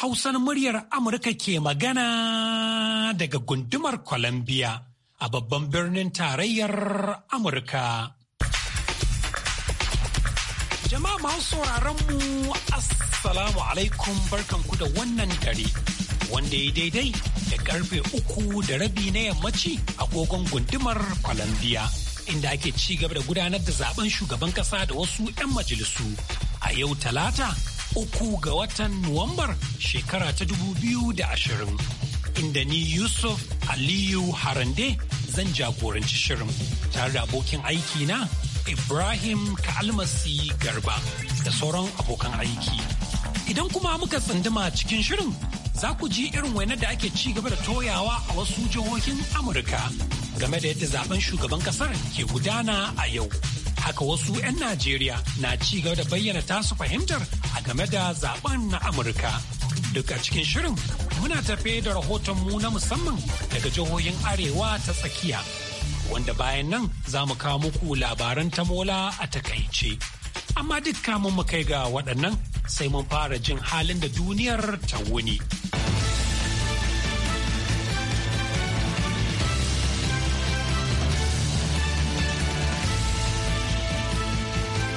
Hausar muryar Amurka ke magana daga gundumar Columbia a babban birnin tarayyar Amurka. Jama'a masu mu Assalamu alaikum barkanku da wannan dare wanda ya daidai da karfe uku da rabi na yammaci agogon gundumar Columbia inda ake ci gaba da gudanar da zaben shugaban kasa da wasu 'yan majalisu a yau talata uku ga watan Nuwambar shekara ta dubu biyu da ashirin. Inda ni Yusuf Aliyu Harande zan jagoranci shirin tare da abokin aiki na Ibrahim Kalmasi Garba da sauran abokan aiki. Idan kuma muka tsanduma cikin shirin za ku ji irin wainar da ake ci gaba da toyawa a wasu jihohin Amurka game da yadda zaben shugaban ƙasar ke gudana a yau. haka wasu 'yan najeriya na ci gaba da bayyana tasu fahimtar a game da zaben na amurka duk a cikin shirin muna tafe da rahotonmu na musamman daga jihohin arewa ta tsakiya wanda bayan nan za mu kawo muku labaran tamola a takaice amma duk kamun mu kai ga waɗannan sai mun fara jin halin da duniyar ta wuni.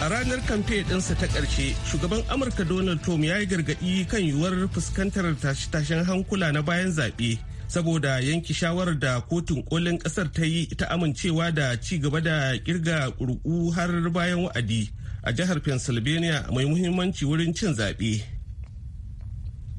A ranar kamfe ɗinsa ta ƙarshe, shugaban Amurka Donald Trump ya yi gargaɗi kan yiwuwar fuskantar tashe-tashen hankula na bayan zaɓe saboda yanki shawarar da kotun kolin ƙasar ta yi ta amincewa da ci gaba da kirga ƙurƙu har bayan wa'adi a jihar Pennsylvania mai muhimmanci wurin cin zaɓe.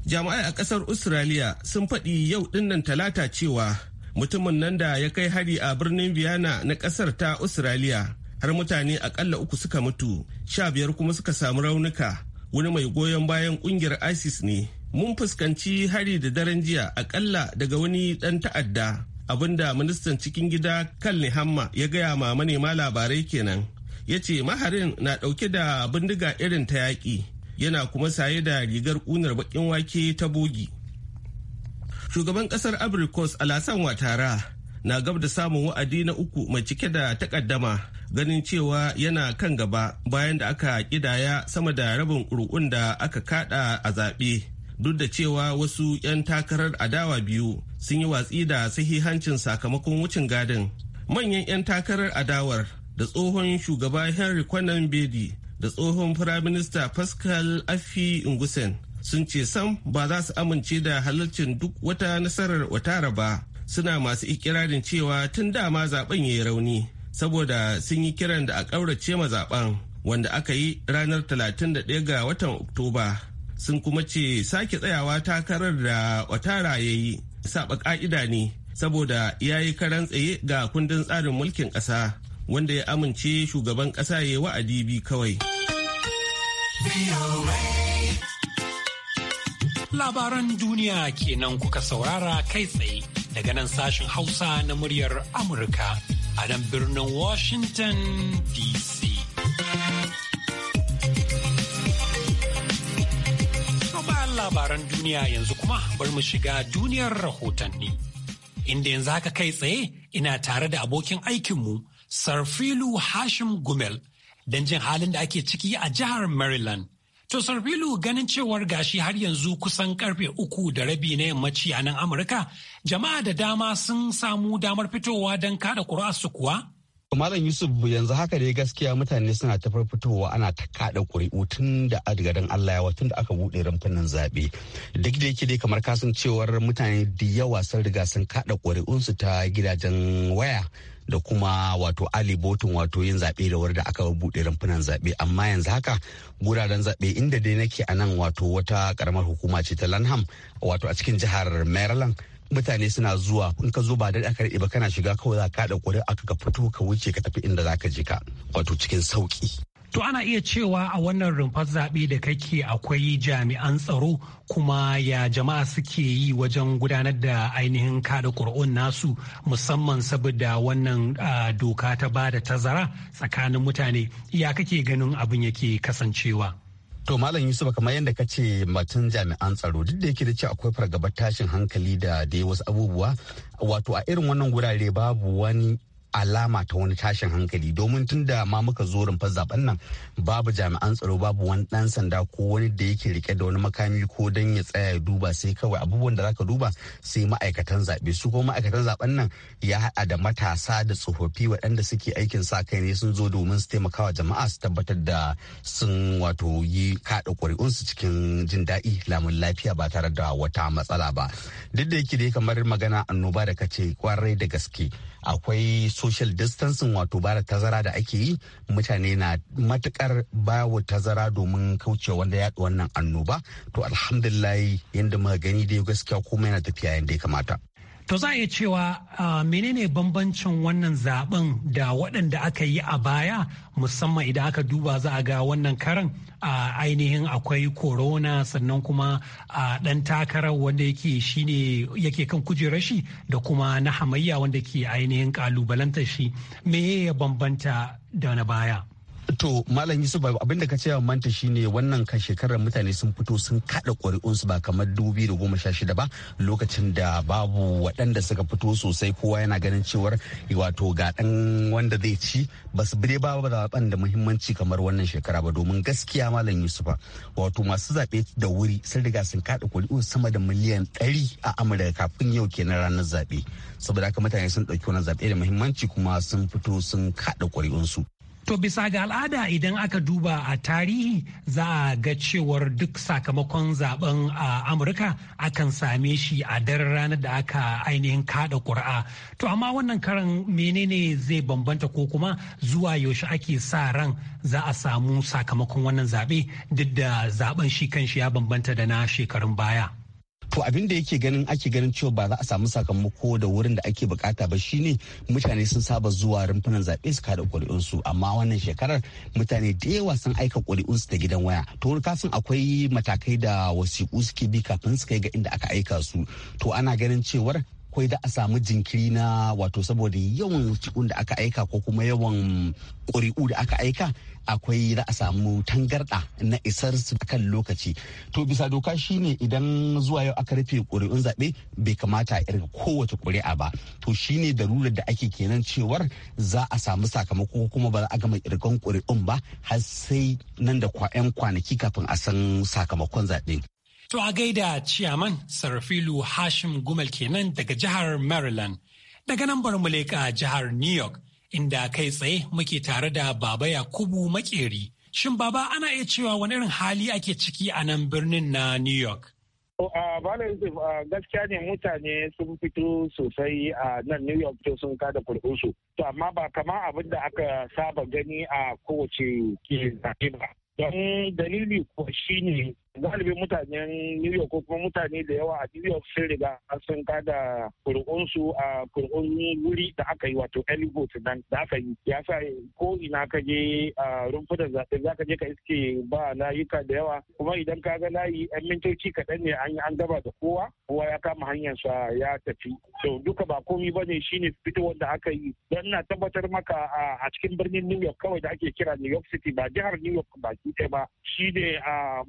Jami'ai a ƙasar Australia sun faɗi yau dinnan talata cewa mutumin nan da ya kai hari a birnin Vienna na ƙasar ta Australia har mutane akalla uku suka mutu sha biyar kuma suka samu raunuka wani mai goyon bayan kungiyar isis ne mun fuskanci hari da daren jiya akalla daga wani dan ta'adda abinda ministan cikin gida kal hamma ya gaya ma manema labarai kenan ya ce maharin na dauke da bindiga irin ta yaƙi yana kuma saye da rigar ƙunar baƙin wake ta bogi shugaban ƙasar abrikos alasan watara na gab da samun wa'adi na uku mai cike da takaddama ganin cewa yana kan gaba bayan da aka kidaya sama da rabin ƙuri'un da aka kada a zaɓe duk da cewa wasu 'yan takarar adawa biyu sun yi watsi da sahihancin sakamakon wucin gadin manyan 'yan takarar adawar da tsohon shugaba henry kwanan bedi da tsohon firaminista pascal afi ngusen sun ce sam ba za su amince da halarcin duk wata nasarar watara ba suna masu ikirarin cewa tun dama zaben ya yi rauni saboda sun yi kiran da a ƙaurace ma zaben wanda aka yi ranar 31 ga watan oktoba sun kuma ce sake tsayawa takarar da watara ya yi saba ka'ida ne saboda ya yi karan tsaye ga kundin tsarin mulkin ƙasa wanda ya amince shugaban ƙasa ya wa'adi bi kawai labaran duniya kenan kuka saurara kai tsaye daga nan sashen Hausa na muryar Amurka a nan birnin Washington DC. bayan labaran duniya yanzu kuma bar mu shiga duniyar rahotanni. Inda yanzu haka kai tsaye ina tare da abokin aikinmu Sarfilu Hashim Gumel don jin halin da ake ciki a jihar Maryland To Sarfilu ganin cewar gashi har yanzu kusan karfe uku da rabi na yammaci a nan Amurka, jama'a da dama sun samu damar fitowa don kada kura su kuwa? Malam Yusuf yanzu haka dai gaskiya mutane suna ta fitowa ana ta kada ƙuri'u tun da adgadan Allah yawa tun da aka buɗe rumfunan zaɓe. Duk da yake dai kamar kasancewar mutane da yawa sun riga sun kada ƙuri'unsu ta gidajen waya. da kuma wato ali botun wato yin zaɓe da da aka buɗe rumfunan zaɓe amma yanzu haka guraren zaɓe inda dai nake a nan wato wata karamar hukuma ce ta lanham wato a cikin jihar maryland mutane suna zuwa in ka zo ba da aka ba kana shiga kawai za ka da aka ka fito ka wuce ka tafi inda za ka je ka wato cikin sauƙi. To ana iya cewa a wannan rumfar zaɓe da kake akwai jami'an tsaro kuma ya jama'a suke yi wajen gudanar da ainihin kada ƙuri'un nasu musamman saboda wannan doka ta ba da tazara tsakanin mutane ya kake ganin abin yake kasancewa. To Malam Yusuf kamar yadda ka ce jami'an tsaro duk da yake da ce akwai fargabar tashin hankali da dai wasu abubuwa wato a irin wannan gurare babu wani alama ta wani tashin hankali domin tun da ma muka zo rumfar zaben nan babu jami'an tsaro babu wani dan sanda ko wani da yake rike da wani makami ko dan ya tsaya ya duba sai kawai abubuwan da za ka duba sai ma'aikatan zaɓe su ko ma'aikatan zaben nan ya haɗa da matasa da tsofaffi waɗanda suke aikin sa kai ne sun zo domin su taimakawa jama'a su tabbatar da sun wato yi kaɗa su cikin jin daɗi lamun lafiya ba tare da wata matsala ba duk da yake dai kamar magana annoba da kace kwarai da gaske akwai social distancing wato bara tazara da ake yi mutane na matukar bawa tazara domin kauce wanda yaɗa wannan annoba to alhamdulillah yadda muka gani dai gaskiya komai yana tafiya yadda ya kamata To za a iya cewa menene bambancin wannan zaben da waɗanda aka yi a baya musamman idan aka duba za a ga wannan karan ainihin akwai corona sannan kuma ɗan takarar wanda yake shine yake kan kujerar shi da kuma na hamayya wanda ke ainihin kalubalantar shi me ya bambanta da na baya. To Malam Yusuf abin da ka ce manta shine wannan kan shekarar mutane sun fito sun kada ƙuri'unsu ba kamar dubi da goma sha shida ba lokacin da babu waɗanda suka fito sosai kowa yana ganin cewar wato ga ɗan wanda zai ci ba su bire ba ba da muhimmanci kamar wannan shekara ba domin gaskiya Malam Yusufa wato masu zaɓe da wuri sun riga sun kada ƙuri'un sama da miliyan ɗari a Amurka kafin yau kenan ranar zaɓe saboda haka mutane sun ɗauki wannan zaɓe da muhimmanci kuma sun fito sun kada ƙuri'unsu. To bisa ga al'ada idan aka duba a tarihi za a ga cewar duk sakamakon zaben a Amurka akan same shi a daren ranar da aka ainihin kada ƙur'a To amma wannan karan menene zai bambanta ko kuma zuwa yaushe ake sa ran za a samu sakamakon wannan zaɓe duk da zaben shi kan shi ya bambanta da na shekarun baya. to abin da yake ganin ake ganin cewa ba za a samu sakamako da wurin da ake bukata ba shine mutane sun saba zuwa rumfunan zaɓe su kada ƙuri'unsu amma wannan shekarar mutane da yawa sun aika ƙuri'unsu ta gidan waya to wani kasan akwai matakai da wasiƙu suke bi kafin su kai ga inda aka aika su to ana ganin cewar akwai da a samu jinkiri na wato saboda yawan cikin da aka aika ko kuma yawan ƙuri'u da aka aika akwai da a samu tangarɗa na isar su kan lokaci to bisa doka shine idan zuwa yau aka rufe ƙuri'un zaɓe bai kamata a irga kowace ƙuri'a ba to shine da darurar da ake kenan cewar za a samu sakamako kuma ba za a gama irgan ƙuri'un ba har sai nan da 'yan kwanaki kafin a san sakamakon zaɓe To a gaida ciyaman sarfilu Hashim Gumal kenan daga jihar Maryland. Daga nan bar mu jihar New York inda kai tsaye muke tare da Baba Yakubu Makeri. Shin Baba ana iya cewa wani irin hali ake ciki a nan birnin na New York? Bala Yusuf gaskiya ne mutane sun fito sosai a nan New York to sun kada kurkusu. To amma ba kama abin da aka saba gani a kowace ke zaɓe ba. Don dalili kuwa shine galibin mutanen New York ko kuma mutane da yawa a New York sun riga sun kada kuri'unsu a kuri'un wuri da aka yi wato early nan da aka yi ya sa ko ina ka je a zaɓe za ka je ka iske ba layuka da yawa kuma idan ka ga layi yan mintoci kaɗan ne an gaba da kowa kowa ya kama hanyarsa ya tafi to duka ba komi ba ne shine fitowar da aka yi don na tabbatar maka a cikin birnin New York kawai da ake kira New York City ba jihar New York baki ɗaya ba shine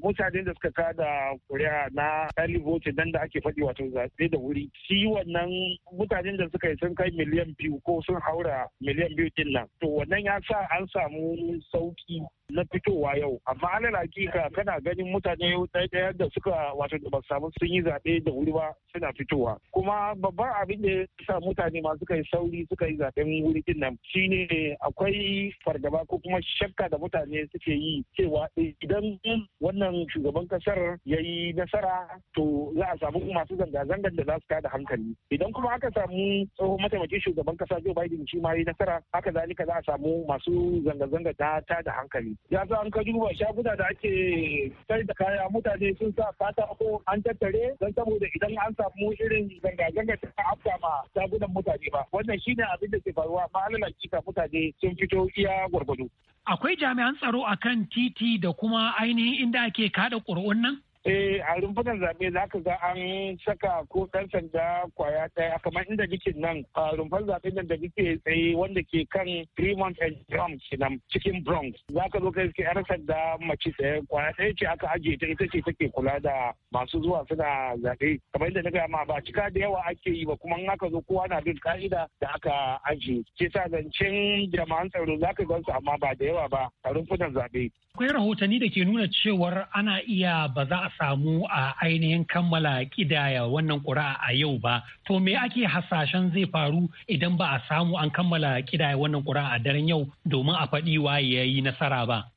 mutanen da suka da kuri'a na early voting nan da ake faɗi wato zaɓe da wuri shi wannan mutanen da suka yi sun kai miliyan biyu ko sun haura miliyan biyu din nan to wannan ya sa an samu sauki na fitowa yau amma alal hakika kana ganin mutane ɗaya da suka wato da ba samu sun yi zaɓe da wuri ba suna fitowa kuma babban abin da ya sa mutane ma suka yi sauri suka yi zaɓen wuri din nan shine akwai fargaba ko kuma shakka da mutane suke yi cewa idan wannan shugaban kasar ya yi nasara to za a samu masu zanga-zangar da za su kada hankali idan kuma aka samu tsohon mataimakin shugaban kasa Joe Biden shi ma yi nasara haka zalika za a samu masu zanga-zanga ta da hankali ya sa an ka duba shaguna da ake sai da kaya mutane sun sa fata ko an tattare don saboda idan an samu irin zanga-zanga ta afka ma shagunan mutane ba wannan shine abin da ke faruwa ma alalaci ka mutane sun fito iya gwargwado akwai jami'an tsaro a kan titi da kuma ainihin inda ake kada ƙuri'un nan? Eh, a rumfunan zaɓe za ka ga an saka ko ɗan sanda kwaya ɗaya kamar inda nake nan a rumfar zaɓe nan da nake tsaye wanda ke kan Fremont and Drum kenan cikin Bronx za ka zo kai yar sanda mace tsaye kwaya ɗaya ce aka ajiye ta ita ce take kula da masu zuwa suna zaɓe kamar inda na gaya ma ba cika da yawa ake yi ba kuma in aka zo kowa na bin ka'ida da aka ajiye ke sa zancen jama'an tsaro za ka gansu amma ba da yawa ba a rumfunan zaɓe. Akwai rahotanni da ke nuna cewar ana iya ba za a samu a ainihin kammala kidaya wannan ƙuri'a a yau ba to me ake hasashen zai faru idan ba a samu an kammala kidaya wannan ƙuri'a a daren yau domin a faɗi waye ya yi nasara ba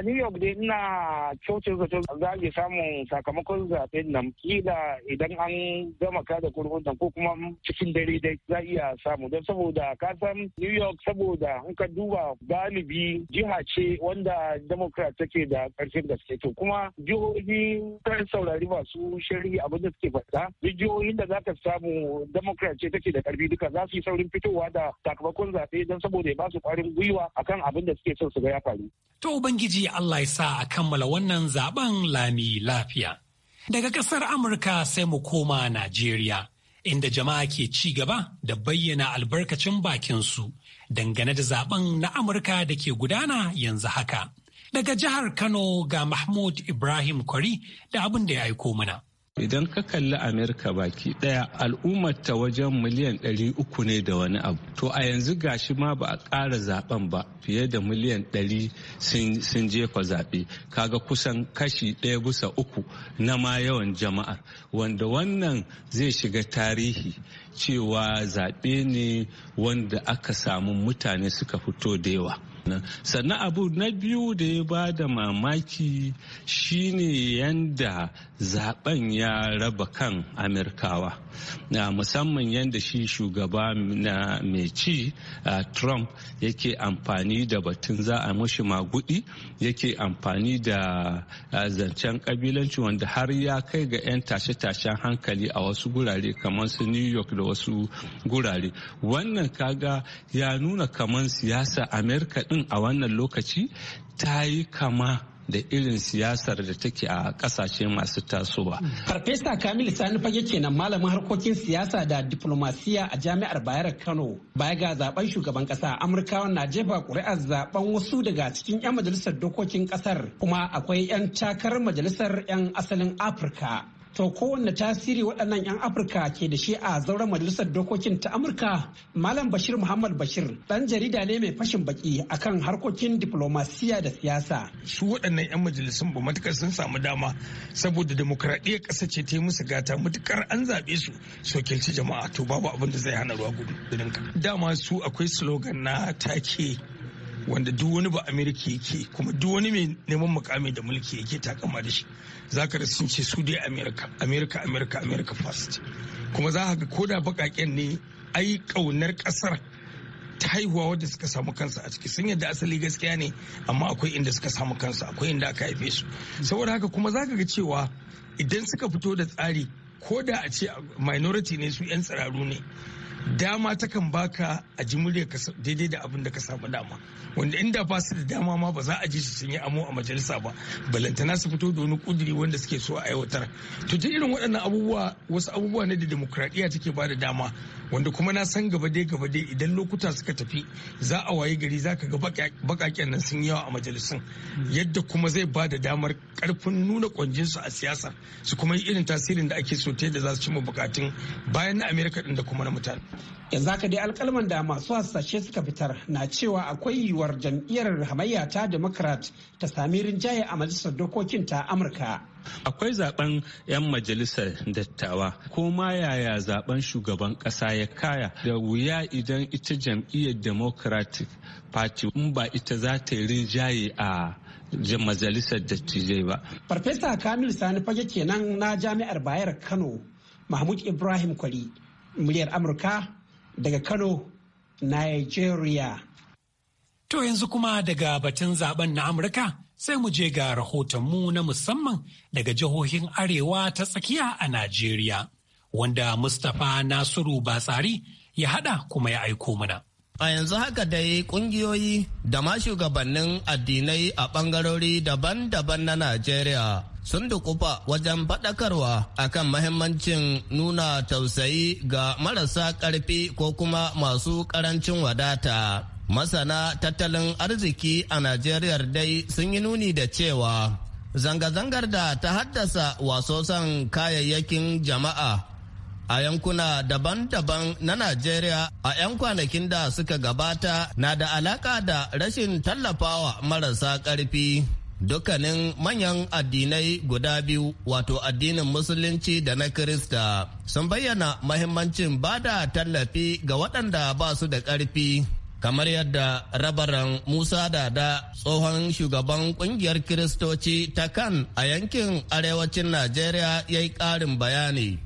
a new york dai ina cocin zato za a samun sakamakon zafin nan kila idan an gama kada kurkun ko kuma cikin dare dai za a iya samu don saboda ka san new york saboda an ka duba galibi jiha ce wanda democrat take da da gaske to kuma jihohi kan saurari masu shari'a abin da suke faɗa duk jihohin da za ka samu democrat ce take da karfi duka za su yi saurin fitowa da sakamakon zaɓe don saboda ya ba su ƙwarin gwiwa akan abin da suke son su ga ya faru. To Ubangiji Allah ya sa a kammala wannan zaben lami lafiya. Daga ƙasar Amurka sai mu koma Najeriya, inda jama'a ke ci gaba da bayyana albarkacin bakinsu dangane da zaben na Amurka da ke gudana yanzu haka. Daga jihar Kano ga Mahmud Ibrahim Kwari da abin da ya aiko mana. idan ka kalli amerika baki daya al'ummarta wajen miliyan 300 ne da wani abu to a yanzu gashi ma ba a ƙara zaben ba fiye da miliyan 100 sun jefa zaɓe kaga kusan kashi ɗaya bisa uku na ma yawan jama'ar wanda wannan zai shiga tarihi cewa zaɓe ne wanda aka samu mutane suka fito da yawa sannan abu na biyu da ya ba da mamaki shine yanda zaben ya raba kan amirkawa na musamman yadda shi shugaba na mai ci trump yake amfani da batun za a mashi magudi yake amfani da zancen kabilanci wanda har ya kai ga 'yan tashe-tashen hankali a wasu gurare kamar su new york da wasu gurare wannan kaga ya nuna kamar siyasa amerika din a wannan lokaci ta yi kama da irin siyasar da take a kasashe masu tasowa. Farfesa Kamilu Sani fage kenan malamin harkokin siyasa da diplomasiya a jami'ar Bayar Kano baya ga zaben shugaban kasa Amurkawa na jefa ƙuri'ar zaben wasu daga cikin 'yan majalisar dokokin kasar kuma akwai 'yan takarar majalisar 'yan asalin Afirka. To kowanne tasiri waɗannan 'yan Afirka ke da shi a zauren majalisar dokokin ta Amurka, Malam Bashir Muhammad Bashir ɗan jarida ne mai fashin baki akan harkokin diplomasiya da siyasa. Su waɗannan 'yan majalisun ba matukar sun samu dama saboda demokradiyyar ƙasa ce ta yi musu gata matukar an zaɓe su sokilci jama'a to babu abin da zai hana ruwa gudu. Dama su akwai slogan na take wanda duk wani ba amerika yake kuma duk wani mai neman mukami da mulki yake takama da shi za ka sun ce su dai amerika amerika amerika amerika first kuma za ka ko da bakaken ne ai kaunar kasar ta haihuwa wadda suka samu kansu a ciki sun yadda asali gaskiya ne amma akwai inda suka samu kansu akwai inda aka haife su saboda haka kuma za ka ga cewa idan suka fito da tsari ko da a ce minority ne su 'yan tsiraru ne dama takan baka a ji murya daidai da abin da ka samu dama wanda inda ba su da dama ma ba za a ji su sun yi amo a majalisa ba balantana su fito da wani kuduri wanda suke so a aiwatar to duk irin waɗannan abubuwa wasu abubuwa ne da demokradiyya take ba da dama wanda kuma na san gaba dai gaba dai idan lokuta suka tafi za a waye gari za ka ga bakaken nan sun yawa a majalisun yadda kuma zai ba da damar karfin nuna kwanjinsu a siyasa su kuma yi irin tasirin da ake so ta yadda za su cimma bukatun bayan na amerika din da kuma na mutane yanzu haka dai alkalman da masu hasashe suka fitar na cewa akwai yiwuwar jam'iyyar hamayya ta democrat ta sami rinjaye a majalisar dokokin ta amurka akwai zaben 'yan majalisar dattawa ko ma yaya zaben shugaban kasa ya kaya da wuya idan ita jam'iyyar democratic party in ba ita za ta yi rinjaye a majalisar dattijai ba farfesa kamil sani fage kenan na jami'ar bayar kano mahmud ibrahim kwali. muryar Amurka daga Kano, Nigeria. To yanzu kuma daga batun zaben na Amurka sai mu je ga rahotonmu na musamman daga jihohin Arewa ta tsakiya a Najeriya, wanda Mustapha Nasiru Batsari ya hada kuma ya aiko mana. A yanzu haka dai kungiyoyi da ma shugabannin addinai a ɓangarori daban-daban na Najeriya sun dukufa wajen faɗakarwa akan mahimmancin nuna tausayi ga marasa ƙarfi ko kuma masu ƙarancin wadata. Masana tattalin arziki a Najeriya dai sun yi nuni da cewa zanga-zangar da ta haddasa wasosan kayayyakin jama'a a yankuna daban-daban na Najeriya a 'yan kwanakin da suka gabata na da alaƙa da rashin tallafawa marasa ƙarfi. dukkanin manyan addinai guda biyu wato addinin musulunci da na kirista sun bayyana mahimmancin ba da tallafi ga waɗanda ba su da ƙarfi kamar yadda rabaran musa dada tsohon shugaban ƙungiyar kiristoci ta kan a yankin arewacin najeriya ya yi ƙarin bayani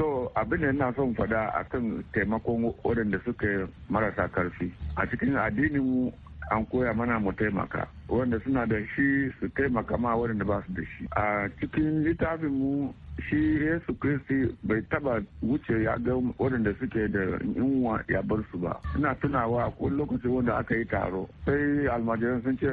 so abin da ina son faɗa akan taimakon waɗanda suka marasa karfi a cikin addinin an koya mana mu taimaka wanda suna da shi su taimaka ma waɗanda ba su da shi a cikin littafin mu shi yesu kristi bai taba wuce ya ga wadanda suke da yunwa ya bar su ba ina tunawa a ko lokacin wanda aka yi taro sai almajiran sun ce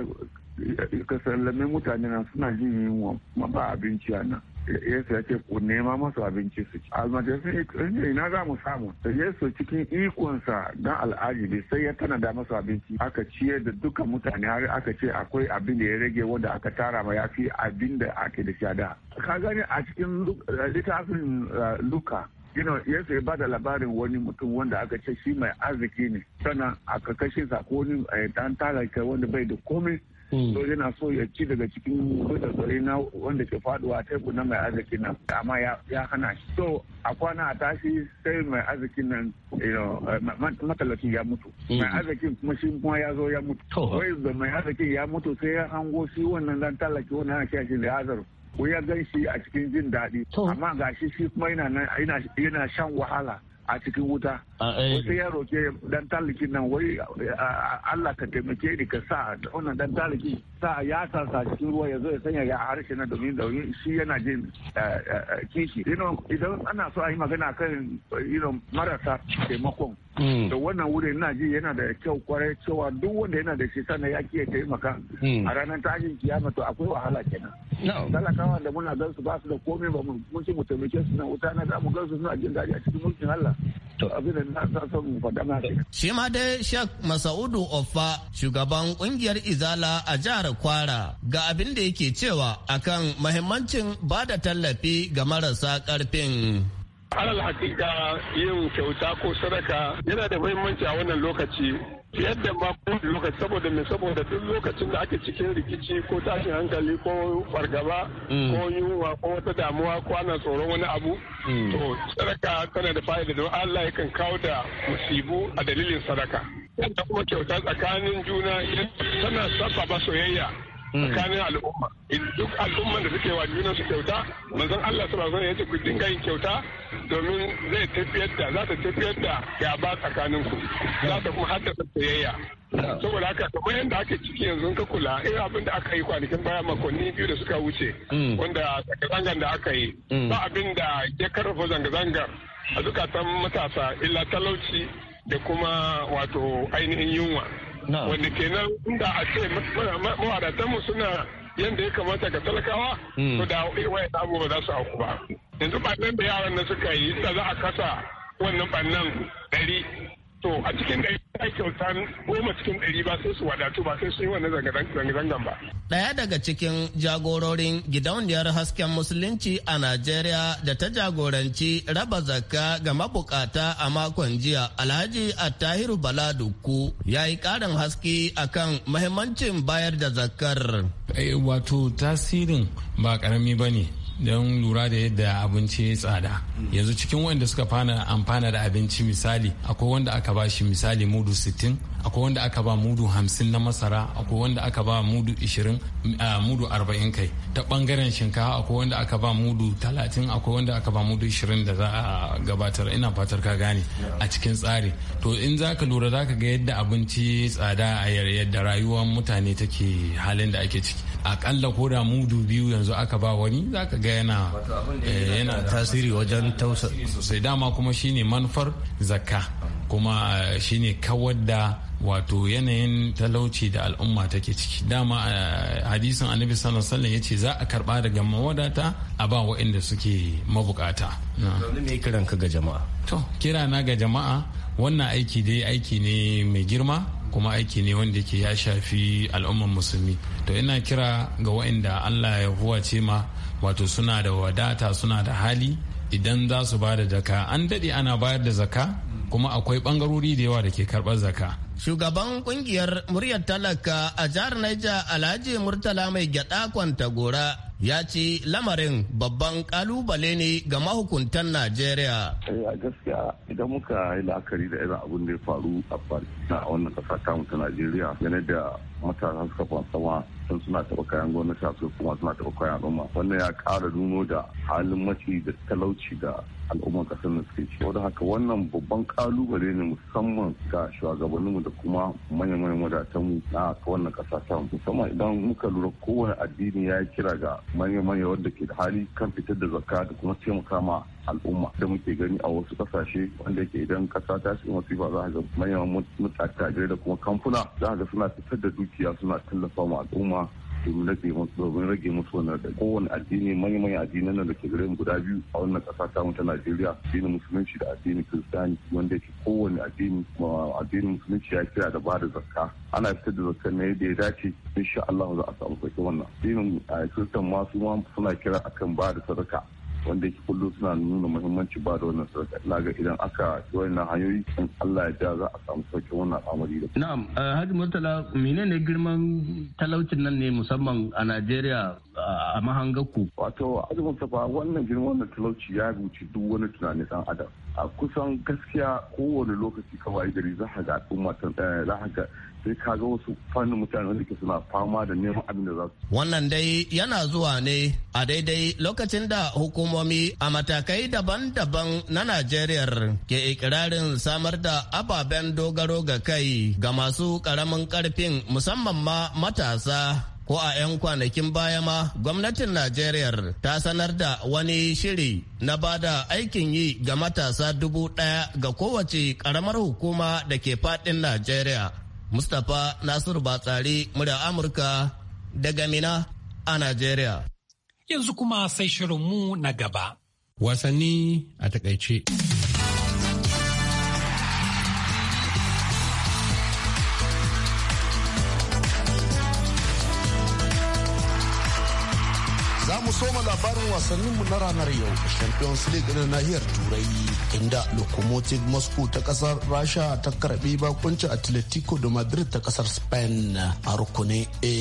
kasallamin mutane nan suna jin yunwa ma ba abinci a nan yesu eh, ya ce ku nema masu abinci su ci almajirai ina za mu samu da yesu cikin ikonsa don al'ajibi sai ya tana da masu abinci aka ciyar da dukkan mutane har aka ce akwai abin da ya rage wanda aka tara ma ya fi abin da ake da shi da ka gani a cikin eh, littafin eh, luka you yesu ya ba da labarin wani mutum wanda aka ce shi mai arziki ne sannan aka kashe sa ko wani dan talaka wanda bai da komai Hmm. so yana so ya ci daga cikin gutsatsari na wanda ke faduwa teku na mai arzikin nan amma ya hana shi so a kwana a tashi sai mai arzikin nan eh, matalaki ya mutu hmm. mai arzikin kuma shi kuma ya zo ya mutu wai da mai arzikin ya mutu sai ya hango shi wannan dan talaki wannan ana kiyashi da hazar ko ya gan shi a cikin jin daɗi amma ga shi shi kuma yana shan wahala a cikin wuta Eh. wasu ya roke dan talikin nan wai Allah ka taimake ni ka sa wannan dan taliki sa ya sasa cikin ruwa ya zo ya sanya ya harshe na domin da shi yana jin eh, eh, kishi idan ana so a yi magana kan marasa taimakon da hmm. wannan wuri na ji yana da kyau kwarai cewa duk wanda yana da shi sana ya taimaka hmm. a ranar tashin kiyama to akwai wahala kenan talakawa da muna gansu ba su da komai ba mun ci mu taimake su na wuta na za mu gansu suna jin daɗi a cikin mulkin Allah da na Shi ma dai Sheikh Masaudu Offa shugaban kungiyar Izala a jihar Kwara ga abin da yake cewa akan mahimmancin ba da tallafi ga marasa ƙarfin. Alal hakika yin kyauta ko sadaka yana da mahimmanci a wannan lokaci yadda ma kowane lokaci saboda me saboda duk lokacin da ake cikin rikici ko tashin hankali ko fargaba mm. ko yunwa ko wata damuwa ko ana tsoron wani abu mm. to sadaka tana da fa'ida don Allah yakan kawo da musibu a dalilin sadaka yadda kuma kyauta tsakanin juna tana ba soyayya Mm. tsakanin al'umma duk al'umman da suke wa junan su kyauta manzon Allah sallallahu alaihi wasallam yace ku dinga yin kyauta domin zai tafiyar da za ta tafiyar da gaba tsakanin ku za ta kuma haddasa tsayayya saboda haka kamar yadda ake ciki yanzu ka kula irin abin da aka yi kwanakin baya makonni biyu da suka wuce mm. wanda zanga-zangar da aka yi mm. ba abin da ya karfafa zanga-zangar a zukatan matasa illa talauci da kuma wato ainihin yunwa wanda kenan inda a ce mawadatanmu suna yadda ya kamata ga talakawa hmm. to da wayan abu ba za su hauku ba yanzu ɓannan da yaran da suka yi da za a kasa wannan bannan ɗari to a cikin ɗari ai kyautan goma cikin ɗari ba sai su wadatu ba sai sun yi wani zanga-zangan ba. Ɗaya daga cikin jagororin gidauniyar hasken musulunci a Najeriya da ta jagoranci raba zakka ga mabukata a makon jiya Alhaji Attahiru Bala Dukku ya yi ƙarin haske akan mahimmancin bayar da zakkar. Eh, wato tasirin ba ƙarami ba ne don lura da yadda abinci ya tsada yanzu cikin wanda suka fana amfana da abinci misali akwai wanda aka ba shi misali mudu 60 akwai wanda aka ba mudu 50 na masara akwai wanda aka ba mudu 20 mudu 40 kai ta bangaren shinkafa akwai wanda aka ba mudu 30 akwai wanda aka ba mudu 20 da za a gabatar ina fatar ka gane a cikin tsari to in za ka lura za ka ga yadda abinci tsada a yadda rayuwar mutane take halin da ake ciki akalla ko da mudu biyu yanzu aka ba wani zaka ga yana eh, yana tasiri wajen tausa sosai dama kuma shine manufar zakka kuma eh, shine kawar da wato yanayin talauci da al'umma take ciki dama eh, hadisin annabi sallallahu alaihi yace za a karba daga mawadata a ba waɗanda suke mabukata me kiran ka ga jama'a to kira na ga jama'a wannan aiki dai aiki ne mai girma kuma aiki ne wanda yake ya shafi al'umman musulmi to ina kira ga wa'inda allah ya huwace ma wato suna da wadata suna da hali idan za su ba da zaka an daɗe ana bayar da zaka kuma akwai bangarori da yawa da ke karɓar zaka. Shugaban kungiyar muryar talaka a jihar Naija Alhaji Murtala mai gyada kwanta gora ya ce lamarin babban kalubale ne ga mahukuntan Najeriya. Eh, a gaskiya idan muka yi la'akari da irin abin da ya faru a Pakistan a wannan kasa ta mutu Najeriya yana da matasan suka fansama sun suna taɓa kayan gwamnati suka kuma suna taɓa kayan al'umma wannan ya ƙara nuno da halin maci da talauci da al'ummar kasar nan suke ciki wadda haka wannan babban kalubale ne musamman ga shugabanninmu da kuma manyan manyan wadatanmu na wannan kasa ta musamman idan muka lura kowane addini ya yi kira ga manyan manyan wadda ke da hali kan fitar da zakka da kuma taimaka ma al'umma da muke gani a wasu kasashe wanda yake idan kasa ta shi masifa za a ga manyan mutane da kuma kamfuna za a ga suna fitar da dukiya suna tallafa ma al'umma domin rage musu domin rage musu wannan da kowane addini manyan manyan addinan da ke gare mu guda biyu a wannan ƙasa ta ta Najeriya addinin musulunci da addinin kiristani wanda ke kowane addini addinin musulunci ya kira da ba da zakka ana fitar da zakka ne da ya dace insha Allah za a samu sauki wannan addinin eh, kiristan ma su ma suna kira akan ba da sadaka wanda yake kullum suna nuna muhimmanci ba da wannan sarki ina idan aka yi wannan hanyoyi in Allah ya ja za a samu sauƙin wannan al'amari da na'am eh, Hajji Murtala ne girman talaucin nan ne musamman a Najeriya a mahangaku wato Hajji Murtala wannan girman wannan talauci ya rubuci duk wani tunanin dan adam a kusan gaskiya kowane lokaci kawai gari za a ga al'umma eh, za a ga sai ka ga wasu fannin mutane da ke suna fama da neman abin da za su. Wannan dai yana zuwa ne a daidai lokacin da hukumomi a matakai daban-daban na Najeriya ke ikirarin samar da ababen dogaro ga kai ga masu ƙaramin ƙarfin musamman ma matasa Ko a 'yan kwanakin baya ma gwamnatin Najeriya ta sanar da wani shiri na bada aikin yi ga matasa dubu ɗaya ga kowace ƙaramar hukuma da ke faɗin Najeriya. Mustapha Nasiru Batsari murya Amurka daga Mina a Najeriya. Yanzu kuma sai shirinmu na gaba. Wasanni a takaice. soma labarin wasannin mu na ranar yau champions league na nahiyar turai inda locomotive moscow ta kasar rasha ta karbi bakunci atletico da madrid ta kasar spain a rukunin a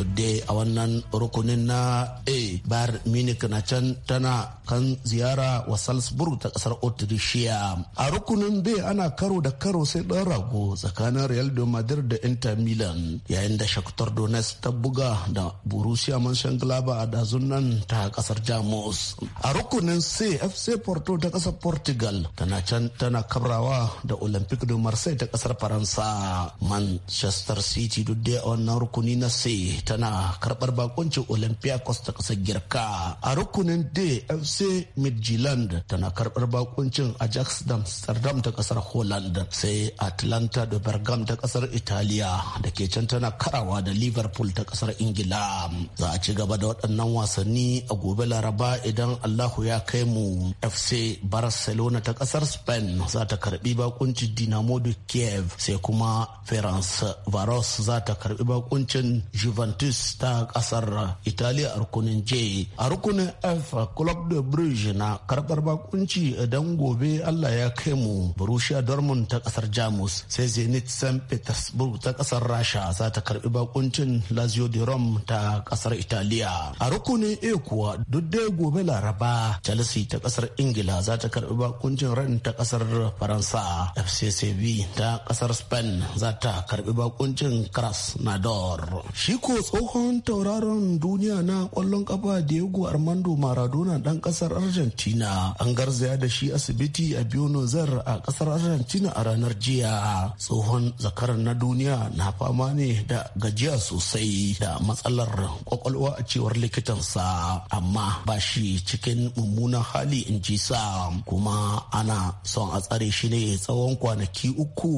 today a wannan rukunin na a bayar munich na can tana kan ziyara wa salzburg ta kasar autrichia a rukunin b ana karo da karo sai dan rago tsakanin real de madrid da inter milan yayin da shakhtar donetsk ta buga da borussia mönchengladbach a dazun nan ta kasar Jamus. A rukunin C FC Porto ta kasar Portugal tana can tana kabrawa da Olympic de Marseille ta kasar Faransa. Manchester City duk da wannan rukuni na C tana karbar bakuncin Olympiacos ta kasar Girka. A rukunin D FC midgeland tana karbar bakuncin Ajax Amsterdam ta kasar Holland sai Atlanta da Bergam ta kasar Italiya da ke can tana karawa da Liverpool ta kasar Ingila. Za a ci gaba da waɗannan wasanni a gobe laraba idan allahu ya kai mu fc barcelona ta kasar spain za ta karbi bakuncin dinamo de kiev sai kuma France varos za ta karbi bakuncin juventus ta kasar italiya a rukunin j a rukunin f club de bruges na karbar bakunci idan gobe allah ya kai mu borussia dortmund ta kasar jamus sai zenit st petersburg ta kasar rasha za ta karbi bakuncin lazio de rome ta kasar italiya a rukunin e yau kuwa duk da gobe laraba chelsea ta kasar ingila za ta karbi bakuncin ran ta kasar faransa FCCV ta kasar spain za ta karbi bakuncin krasnodar shi ko tsohon tauraron duniya na kwallon kafa diego armando maradona dan kasar argentina an garzaya da shi asibiti a buenos a kasar argentina a ranar jiya tsohon zakaran na duniya na fama ne da gajiya sosai da matsalar kwakwalwa a cewar likitansa amma ba shi cikin mummunan hali in ji sa kuma ana son a tsare shi ne tsawon kwanaki uku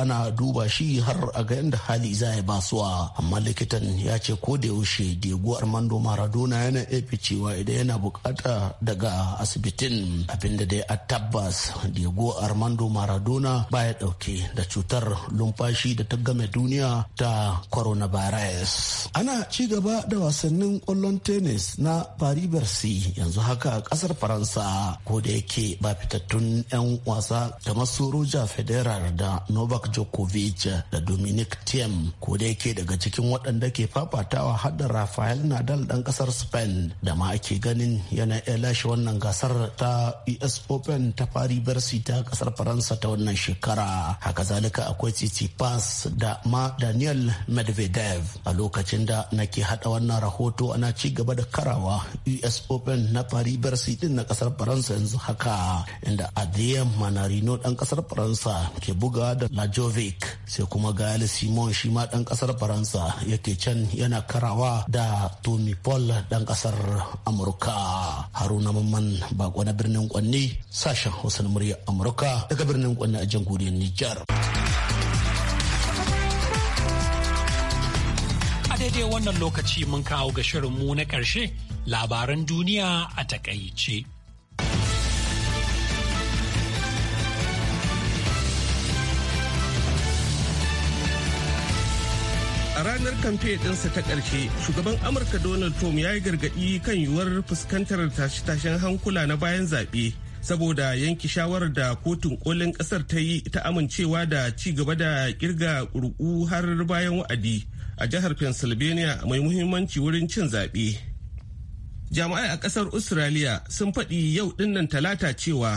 ana duba shi har a ga yadda hali za ya basuwa amma likitan ya ce ko da yaushe diego armando maradona yana efe cewa idan yana bukata daga asibitin abinda dai a tabbas diego armando maradona ba ya dauke da cutar lumfashi da ta game duniya ta coronavirus ana ci gaba da wasannin kwallon tennis na na Paris Bercy yanzu haka a kasar Faransa ko da yake ba fitattun 'yan wasa kamar su Roger Federer da Novak Djokovic da Dominic Thiem ko da yake daga cikin waɗanda ke fafatawa har da Rafael Nadal ɗan kasar Spain da ma ake ganin yana iya lashe wannan gasar ta US Open ta Paris Bercy ta kasar Faransa ta wannan shekara. Haka zalika akwai Titi Pass da ma Daniel Medvedev a lokacin da nake hada wannan rahoto ana ci gaba da kara farawa us open na paris bercy din na kasar faransa yanzu haka inda adrian manarino dan kasar faransa ke buga da lajovic sai kuma gael simon shi ma dan kasar faransa yake can yana karawa da tommy paul dan kasar amurka haruna mamman bako na birnin kwanne sashen hausa murya amurka daga birnin kwanne a jamhuriyar nijar. daidai wannan lokaci mun kawo ga shirinmu na ƙarshe labaran duniya a takaice. A ranar kamfe ɗinsa ta ƙarshe, shugaban Amurka Donald Trump ya yi gargaɗi kan yiwuwar fuskantar tashe-tashen hankula na bayan zaɓe saboda yanki shawarar da kotun kolin ƙasar ta yi ta amincewa da ci gaba da kirga ƙuri'u har bayan wa'adi. a jihar pennsylvania mai muhimmanci wurin cin zaɓe jami'ai a ƙasar australia sun faɗi yau dinnan talata cewa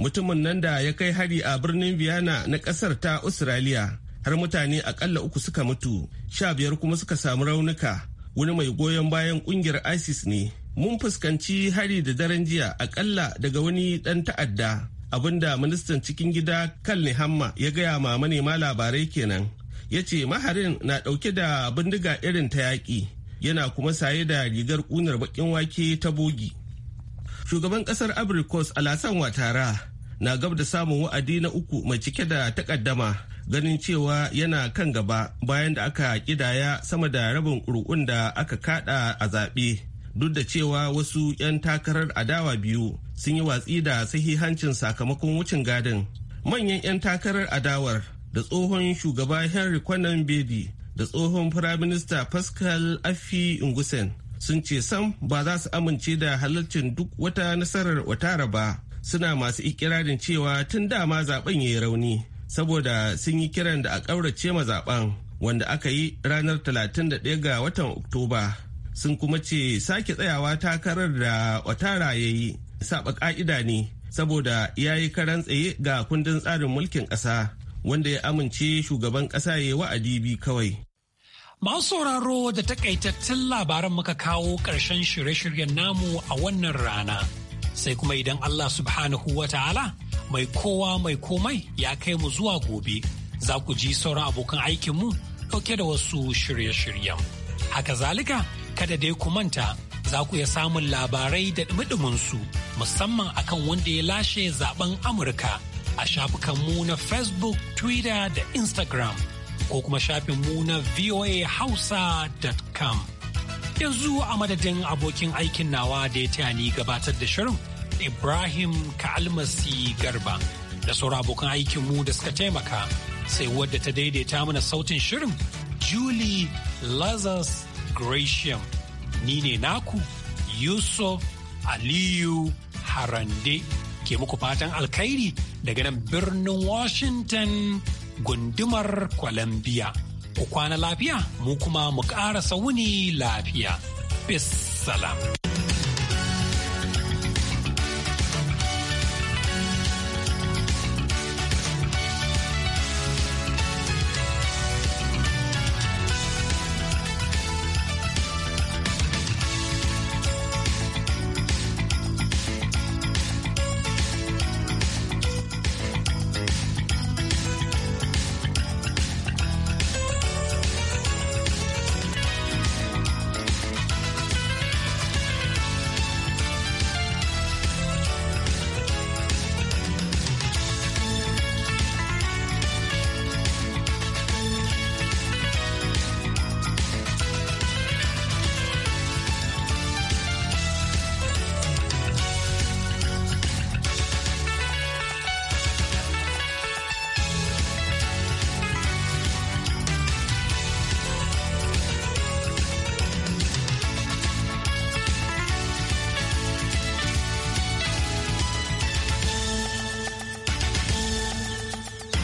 mutumin nan da ya kai hari a birnin vienna na ƙasar ta australia har mutane aƙalla uku suka mutu sha biyar kuma suka samu raunuka wani mai goyon bayan ƙungiyar isis ne mun fuskanci hari da daren jiya Aƙalla daga wani ɗan ta'adda abinda ministan cikin gida kalni hamma ya gaya ma manema labarai kenan ya ce maharin na ɗauke da bindiga irin ta yaƙi yana kuma saye da rigar ƙunar baƙin wake ta bogi shugaban ƙasar abricos alasan watara na gab da samun wa'adi na uku mai cike da takaddama ganin cewa yana kan gaba bayan da aka kidaya sama da rabin ƙuri'un da aka kada a zaɓe duk da cewa wasu 'yan takarar adawa biyu sun yi watsi da sahihancin sakamakon wucin gadin manyan 'yan takarar adawar da tsohon shugaba henry kwanan bedi da tsohon firaminista pascal afi ingusen sun ce sam ba za su amince da halarcin duk wata nasarar watara ba suna masu ikirarin cewa tun dama zaben ya yi rauni saboda sun yi kiran da a ƙaurace ma zaben wanda aka yi ranar 31 ga watan oktoba sun kuma ce sake tsayawa takarar da watara ya yi saba ƙa'ida ne saboda ya yi karan tsaye ga kundin tsarin mulkin ƙasa wanda ya amince shugaban ƙasa ya wa'adi bi kawai. Masu sauraro da takaitattun labaran muka kawo ƙarshen shirye-shiryen namu a wannan rana. Sai kuma idan Allah subhanahu wa ta'ala mai kowa mai komai ya kai mu zuwa gobe za ku ji sauran abokan aikinmu ɗauke da wasu shirye-shiryen. Haka zalika kada dai ku manta za ku iya samun labarai da su musamman akan wanda ya lashe zaben Amurka. a shafukanmu na Facebook, Twitter da Instagram ko kuma mu na voahausa.com. Yanzu a madadin abokin aikin nawa da ya taya ni gabatar da shirin Ibrahim Ka'almasi Garba da sauran abokan aikin mu da suka taimaka sai wadda ta daidaita mana sautin shirin Julie Lazarus Gratiam. Ni ne naku Yusuf Aliyu Harande. ke muku fatan alkhairi daga nan birnin Washington gundumar Columbia. Ku kwana lafiya, mu kuma mu ƙara sauni lafiya. Peace salam.